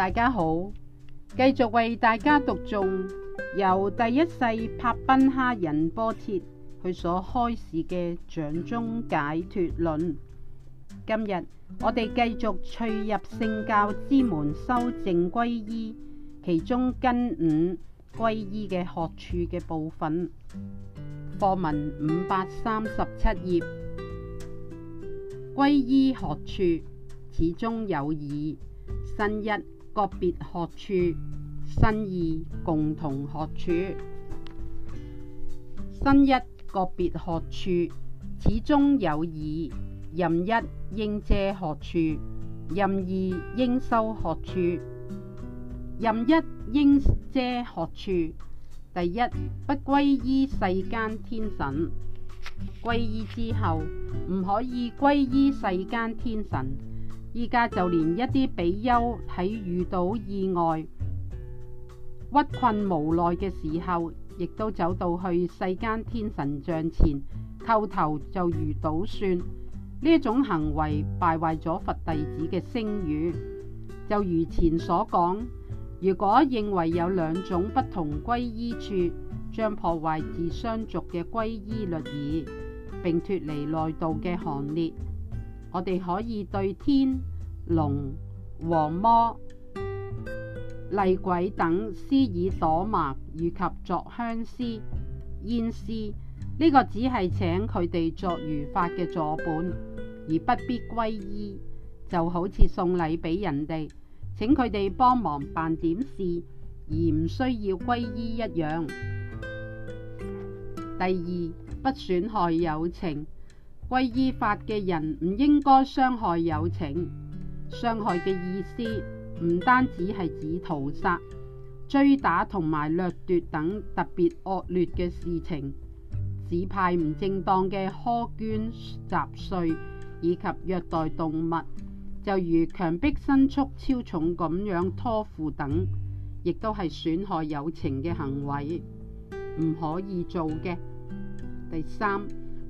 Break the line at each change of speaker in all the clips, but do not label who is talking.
大家好，繼續為大家讀誦由第一世帕賓哈仁波切佢所開示嘅《掌中解脱論》。今日我哋繼續趣入聖教之門修正歸依，其中根五歸依嘅學處嘅部分，課文五百三十七頁，歸依學處始終有二，新一。個別學處，新二共同學處，新一個別學處，始終有二，任一應遮學處，任二應修學處，任一應遮學處。第一不歸依世間天神，歸依之後唔可以歸依世間天神。依家就連一啲比丘喺遇到意外屈困無奈嘅時候，亦都走到去世間天神像前叩頭就如倒算，呢種行為敗壞咗佛弟子嘅聲譽。就如前所講，如果認為有兩種不同歸依處，將破壞自相續嘅歸依律儀，並脫離內道嘅行列。我哋可以對天龍、黃魔、厲鬼等施以朵瑪，以及作香施、煙施，呢、這個只係請佢哋作如法嘅助伴，而不必皈依，就好似送禮俾人哋，請佢哋幫忙辦點事，而唔需要皈依一樣。第二，不損害友情。皈依法嘅人唔應該傷害友情。傷害嘅意思唔單止係指屠殺、追打同埋掠奪等特別惡劣嘅事情，指派唔正當嘅苛捐雜稅以及虐待動物，就如強迫牲畜超重咁樣拖負等，亦都係損害友情嘅行為，唔可以做嘅。第三。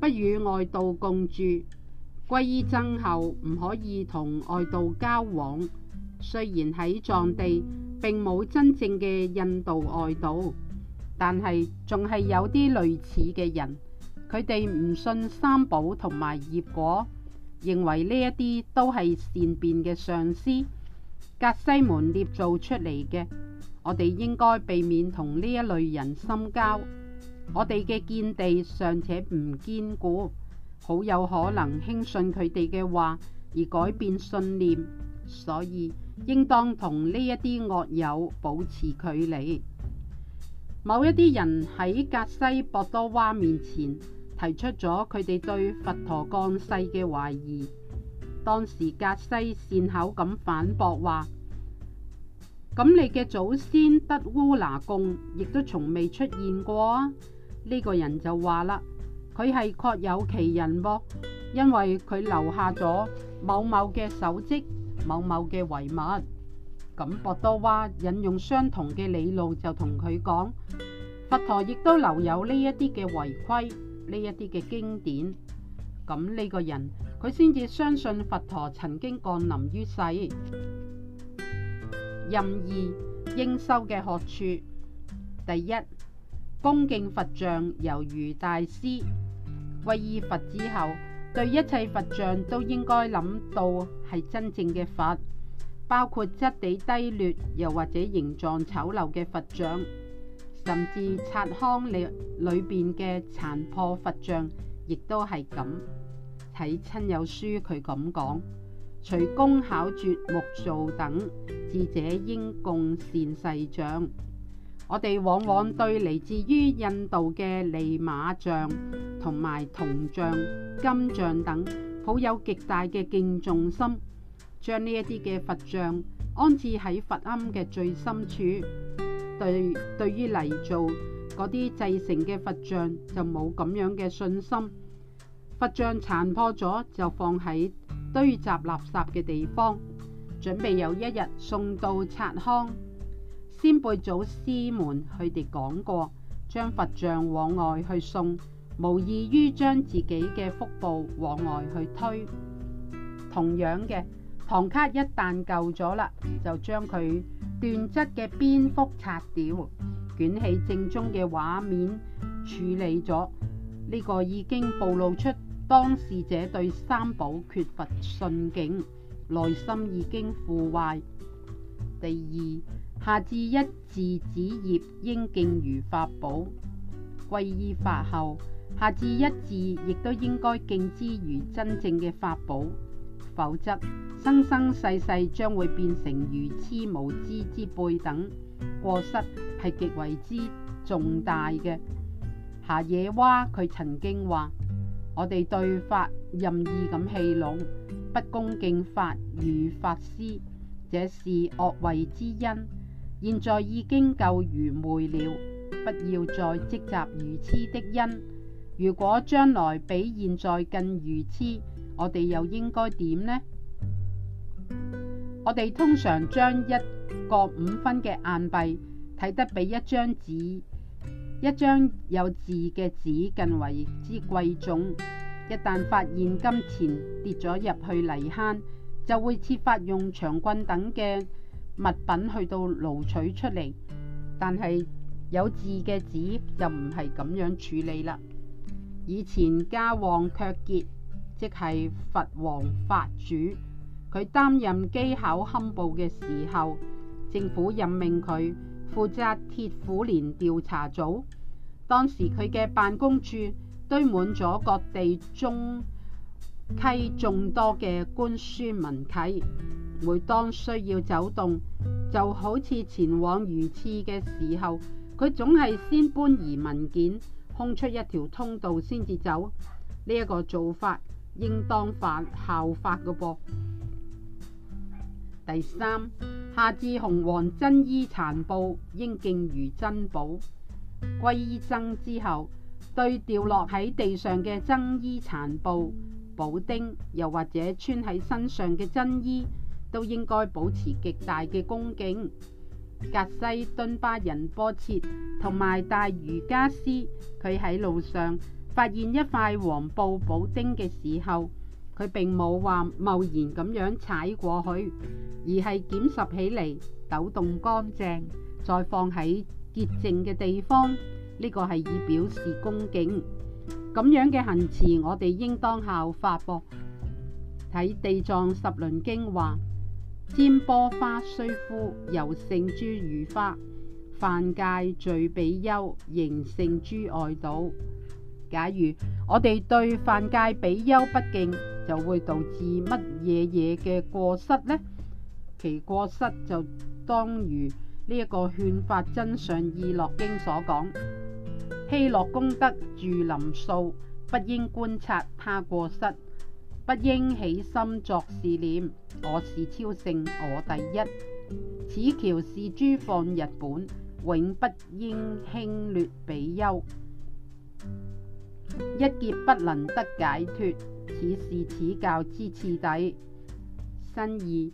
不與外道共住，歸依僧後唔可以同外道交往。雖然喺藏地並冇真正嘅印度外道，但係仲係有啲類似嘅人，佢哋唔信三寶同埋業果，認為呢一啲都係善變嘅上師格西們捏造出嚟嘅。我哋應該避免同呢一類人深交。我哋嘅見地尚且唔堅固，好有可能輕信佢哋嘅話而改變信念，所以應當同呢一啲惡友保持距離。某一啲人喺格西博多娃面前提出咗佢哋對佛陀降世嘅懷疑，當時格西善口咁反駁話：「咁你嘅祖先德烏拿貢亦都從未出現過啊！呢個人就話啦，佢係確有其人喎，哦，因為佢留下咗某某嘅手跡、某某嘅遺物。咁博多話，引用相同嘅理路就同佢講，佛陀亦都留有呢一啲嘅遺規、呢一啲嘅經典。咁呢個人佢先至相信佛陀曾經降臨於世。任意應收嘅學處，第一。.恭敬佛像猶如大師，皈依佛之後，對一切佛像都應該諗到係真正嘅佛，包括質地低劣又或者形狀醜陋嘅佛像，甚至拆腔裏裏邊嘅殘破佛像，亦都係咁。睇親友書，佢咁講，隨工巧拙木造等，智者應供善逝像。我哋往往對嚟自於印度嘅利馬像、同埋銅像、金像等，抱有極大嘅敬重心，將呢一啲嘅佛像安置喺佛龕嘅最深處。對對於嚟做嗰啲製成嘅佛像就冇咁樣嘅信心。佛像殘破咗就放喺堆集垃圾嘅地方，準備有一日送到擦康。先輩祖師們佢哋講過，將佛像往外去送，無異於將自己嘅福報往外去推。同樣嘅唐卡一旦舊咗啦，就將佢斷質嘅邊幅拆掉，捲起正宗嘅畫面處理咗。呢、這個已經暴露出當事者對三寶缺乏信景，內心已經腐壞。第二。下至一字子業應敬如法寶，皈依法後，下至一字亦都應該敬之如真正嘅法寶，否則生生世世將會變成愚痴無知之輩等過失，係極為之重大嘅。夏野蛙佢曾經話：我哋對法任意咁戲弄，不恭敬法如法師，這是惡慧之因。現在已經夠愚昧了，不要再積集愚痴的因。如果將來比現在更愚痴，我哋又應該點呢？我哋通常將一個五分嘅硬幣睇得比一張紙、一張有字嘅紙更為之貴重。一旦發現金錢跌咗入去泥坑，就會設法用長棍等嘅物品去到，攞取出嚟，但係有字嘅紙就唔係咁樣處理啦。以前家旺卻傑，即係佛王法主，佢擔任機考堪布嘅時候，政府任命佢負責鐵虎聯調查組。當時佢嘅辦公處堆滿咗各地中溪眾多嘅官書文契。每當需要走動，就好似前往如廁嘅時候，佢總係先搬移文件，空出一條通道先至走。呢、這、一個做法應當法效法嘅噃。第三，夏至紅黃真衣殘布應敬如珍寶。歸依僧之後，對掉落喺地上嘅真衣殘布、補丁，又或者穿喺身上嘅真衣。都應該保持極大嘅恭敬。格西敦巴仁波切同埋大瑜伽師，佢喺路上發現一塊黃布補丁嘅時候，佢並冇話貿然咁樣踩過去，而係撿拾起嚟抖動乾淨，再放喺潔淨嘅地方。呢、這個係以表示恭敬咁樣嘅行持，我哋應當效法噃。喺《地藏十輪經》話。瞻波花雖枯，猶勝諸餘花；犯戒罪比丘，仍勝諸外道。假如我哋對犯戒比丘不敬，就會導致乜嘢嘢嘅過失呢？其過失就當如呢一個勸法真相意樂經所講：希樂功德住林藪，不應觀察他過失。不應起心作是念，我是超勝，我第一。此橋是諸放日本，永不應輕劣比丘。一劫不能得解脱，此是此教之次第。辛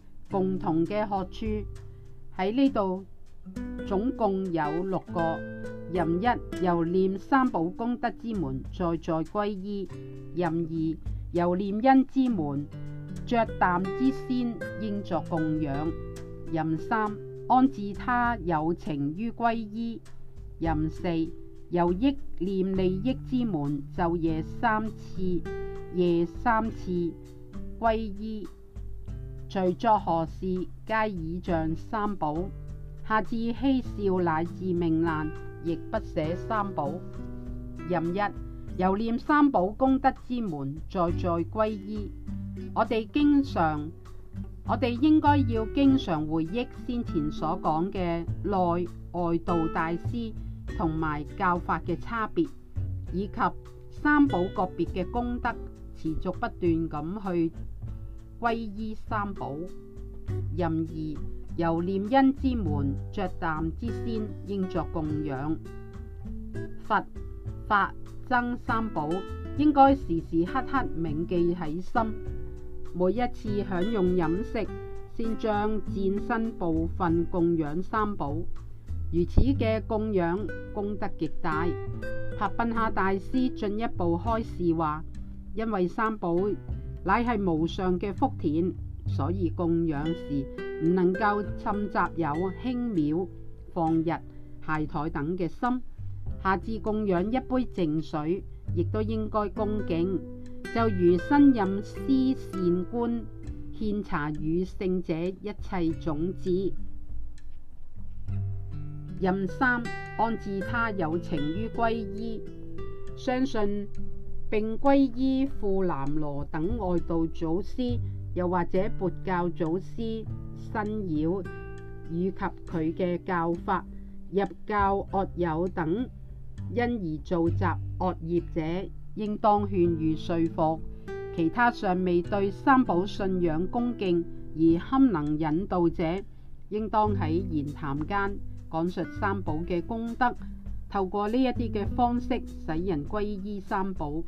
二，共同嘅學處，喺呢度，總共有六個。壬一，由念三寶功德之門，再再歸依。壬二。由念恩之門，着淡之先應作供養。任三，安置他有情於歸依。任四，由憶念利益之門，晝夜三次夜三次歸依。隨作何事皆以仗三寶。下至嬉笑乃至命難亦不捨三寶。任一。由念三寶功德之門，再再歸依。我哋經常，我哋應該要經常回憶先前所講嘅內外道大師同埋教法嘅差別，以及三寶個別嘅功德，持續不斷咁去歸依三寶。任而由念恩之門，着淡之先應作供養，佛，法僧三寶應該時時刻刻銘記喺心，每一次享用飲食，先將自身部分供養三寶，如此嘅供養功德極大。帕賓夏大師進一步開示話：因為三寶乃係無上嘅福田，所以供養時唔能夠侵雜有輕藐、放逸、懈怠等嘅心。下至供養一杯淨水，亦都應該恭敬。就如新任司善官，獻茶與聖者一切種子。任三安置他有情於皈依，相信並皈依富南羅等外道祖師，又或者佛教祖師新妖以及佢嘅教法入教惡友等。因而造集惡業者，應當勸喻說服；其他尚未對三寶信仰恭敬而堪能引導者，應當喺言談間講述三寶嘅功德，透過呢一啲嘅方式使人歸依三寶。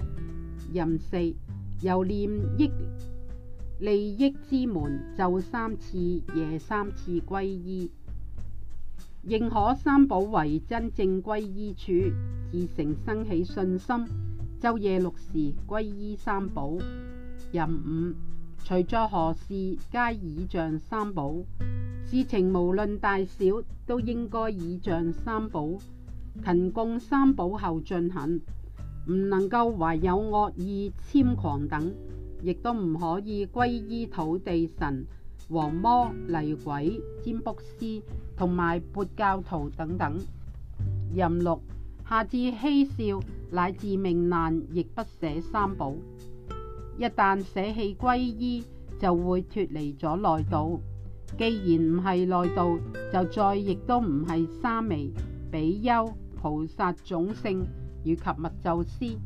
任四又念益利益之門，就三次、夜三次歸依。認可三寶為真正皈依處，自成生起信心，晝夜六時皈依三寶。任五隨作何事皆倚仗三寶，事情無論大小都應該倚仗三寶，勤供三寶後進行，唔能夠懷有惡意、諂誑等，亦都唔可以皈依土地神、黃魔、厲鬼、占卜師。同埋佛教徒等等，任六下至嬉笑乃至命難，亦不捨三寶。一旦捨棄皈依，就會脫離咗內道。既然唔係內道，就再亦都唔係沙彌、比丘、菩薩種姓以及密咒師。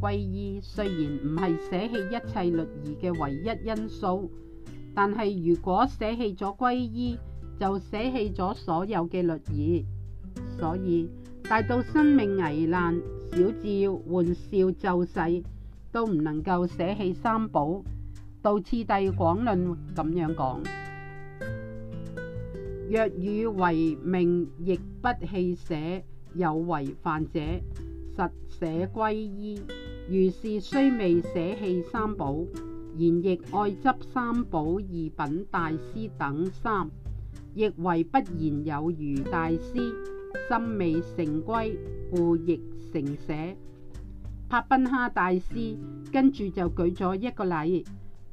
皈依雖然唔係捨棄一切律儀嘅唯一因素，但係如果捨棄咗皈依，就捨棄咗所有嘅律儀，所以大到生命危難，小至玩笑就世，都唔能夠捨棄三寶。道次第廣論咁樣講， 若欲為命，亦不棄捨。有違犯者，實捨歸依。如是雖未捨棄三寶，然亦愛執三寶二品大師等三。亦為不言有如大師，心未成歸，故亦成捨。帕賓哈大師跟住就舉咗一個例，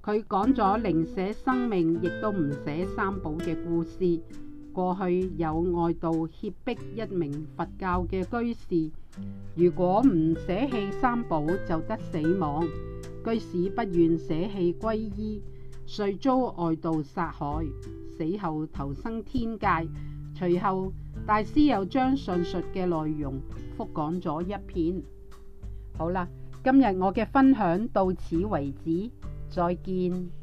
佢講咗寧捨生命，亦都唔捨三寶嘅故事。過去有外道脅迫一名佛教嘅居士，如果唔捨棄三寶就得死亡，居士不願捨棄皈依，遂遭外道殺害。死後投生天界，隨後大師又將上述嘅內容複講咗一遍。好啦，今日我嘅分享到此為止，再見。